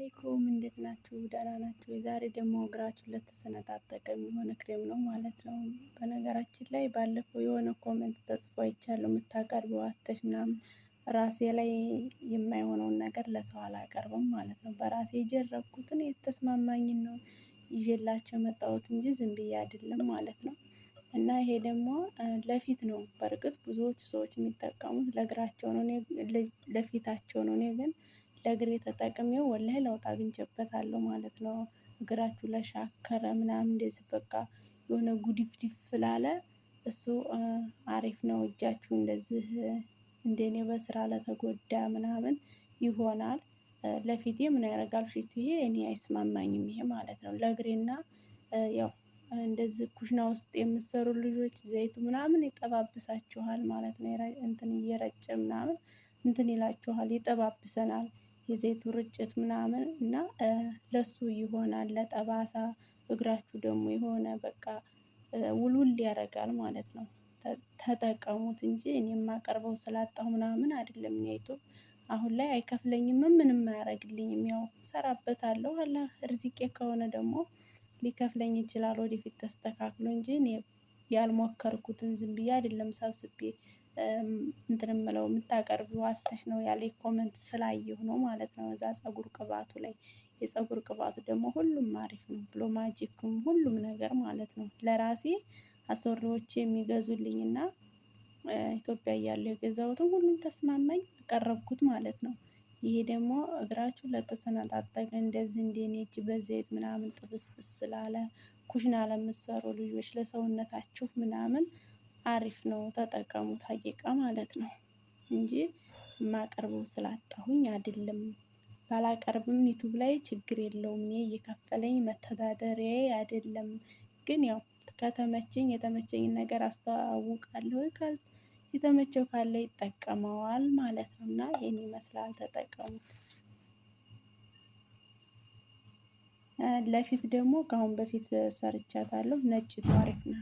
አለይኩም እንዴት ናችሁ? ደህና ናችሁ? የዛሬ ደግሞ እግራችሁ ለተሰነጣጠቀ የሆነ ክሬም ነው ማለት ነው። በነገራችን ላይ ባለፈው የሆነ ኮመንት ተጽፎ አይቻለሁ። የምታቀርበው አተሽ ምናምን ራሴ ላይ የማይሆነውን ነገር ለሰው አላቀርብም ማለት ነው። በራሴ የጀረብኩትን የተስማማኝን ነው ይዤላቸው የመጣሁት እንጂ ዝም ብዬ አይደለም ማለት ነው። እና ይሄ ደግሞ ለፊት ነው። በእርግጥ ብዙዎቹ ሰዎች የሚጠቀሙት ለእግራቸው ነው፣ ለፊታቸው ነው። እኔ ግን ለእግሬ ተጠቅሜው ወላሂ ለውጥ አግኝቼበታለሁ ማለት ነው። እግራችሁ ለሻከረ ምናምን እንደዚህ በቃ የሆነ ጉድፍድፍ ላለ እሱ አሪፍ ነው። እጃችሁ እንደዚህ እንደኔ በስራ ለተጎዳ ምናምን ይሆናል። ለፊቴ ምን ያደርጋል ይሄ እኔ አይስማማኝም ይሄ ማለት ነው። ለእግሬና ያው እንደዚህ ኩሽና ውስጥ የምሰሩ ልጆች ዘይቱ ምናምን ይጠባብሳችኋል ማለት ነው። እንትን እየረጨ ምናምን እንትን ይላችኋል ይጠባብሰናል የዘይቱ ርጭት ምናምን እና ለሱ ይሆናል። ለጠባሳ እግራችሁ ደግሞ የሆነ በቃ ውልውል ያደርጋል ማለት ነው። ተጠቀሙት እንጂ እኔ የማቀርበው ስላጣሁ ምናምን አይደለም። ዩቲዩብ አሁን ላይ አይከፍለኝም፣ ምንም አያደርግልኝም። ያው እሰራበታለሁ አላ ርዝቄ ከሆነ ደግሞ ሊከፍለኝ ይችላል ወደፊት ተስተካክሎ እንጂ እኔ ያልሞከርኩትን ዝም ብዬ አይደለም ሰብስቤ እንትን የምለው የምታቀርብ አትሽ ነው ያለ ኮመንት ስላየሁ ነው ማለት ነው። እዛ ፀጉር ቅባቱ ላይ የፀጉር ቅባቱ ደግሞ ሁሉም አሪፍ ነው ብሎ ማጂክም ሁሉም ነገር ማለት ነው። ለራሴ የሚገዙልኝ የሚገዙልኝና ኢትዮጵያ እያለ የገዛሁትን ሁሉም ተስማማኝ አቀረብኩት ማለት ነው። ይሄ ደግሞ እግራችሁ ለተሰነጣጠቀ እንደዚህ እንደ እጅ በዘይት ምናምን ጥብስብስ ስላለ ኩሽና ለምትሰሩ ልጆች ለሰውነታችሁ ምናምን አሪፍ ነው ተጠቀሙት። ሀቂቃ ማለት ነው እንጂ የማቀርበው ስላጣሁኝ አይደለም። ባላቀርብም ዩቱብ ላይ ችግር የለውም። እኔ እየከፈለኝ መተዳደሪያዬ አይደለም። ግን ያው ከተመቸኝ የተመቸኝን ነገር አስተዋውቃለሁ። ካል የተመቸው ካለ ይጠቀመዋል ማለት ነው። እና ይህን ይመስላል ተጠቀሙት። ለፊት ደግሞ ከአሁን በፊት ሰርቻታለሁ። ነጭ አሪፍ ነው።